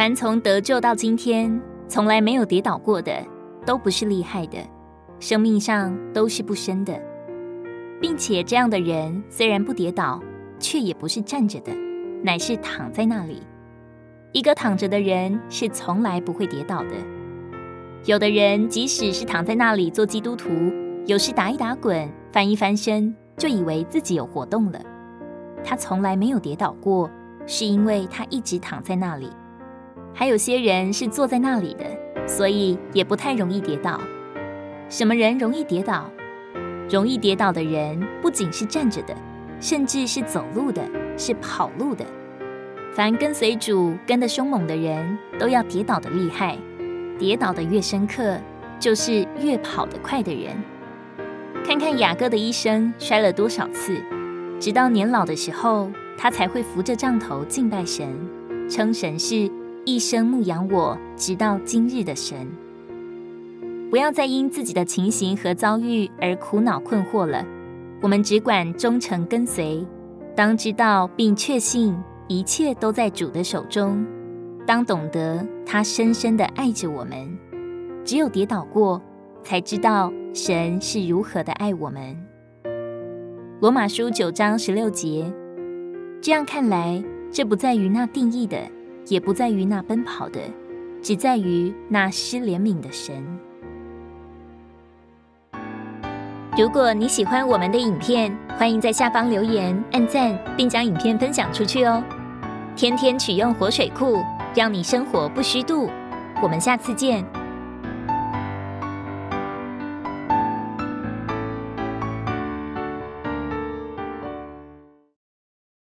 凡從得救到今天從來沒有跌倒過的，都不是厲害的，生命上都是不深的，並且這樣的人雖然不跌倒，卻也不是站着的，乃是躺在那裡。一個躺着的人是從來不會跌倒的。有的人即使是躺在那裡做基督徒，有時打一打滾，翻一翻身，就以為自己有活動了。他從來沒有跌倒過，是因為他一直躺在那裡。還有些人是坐在那裡的，所以也不太容易跌倒。什麼人容易跌倒？容易跌倒的人不僅是站着的，甚至是走路的，是跑路的。凡跟隨主跟得兇猛的人，都要跌倒得厲害。跌倒得越深刻，就是越跑得快的人。看看雅各的一生，摔了多少次，直到年老的時候，他才會扶着杖頭敬拜神，稱神是。一生牧養我直到今日的神，不要再因自己的情形和遭遇而苦惱困惑了。我們只管忠誠跟隨，當知道並確信一切都在主的手中，當懂得他深深的愛着我們。只有跌倒過，才知道神是如何的愛我們。羅馬書九章十六節。這樣看來，這不在於那定意的。也不在於那奔跑的，只在於那施憐憫的神。如果你喜歡我們的影片，歡迎在下方留言、按讚，並將影片分享出去哦。天天取用活水庫，讓你生活不虛度。我們下次見。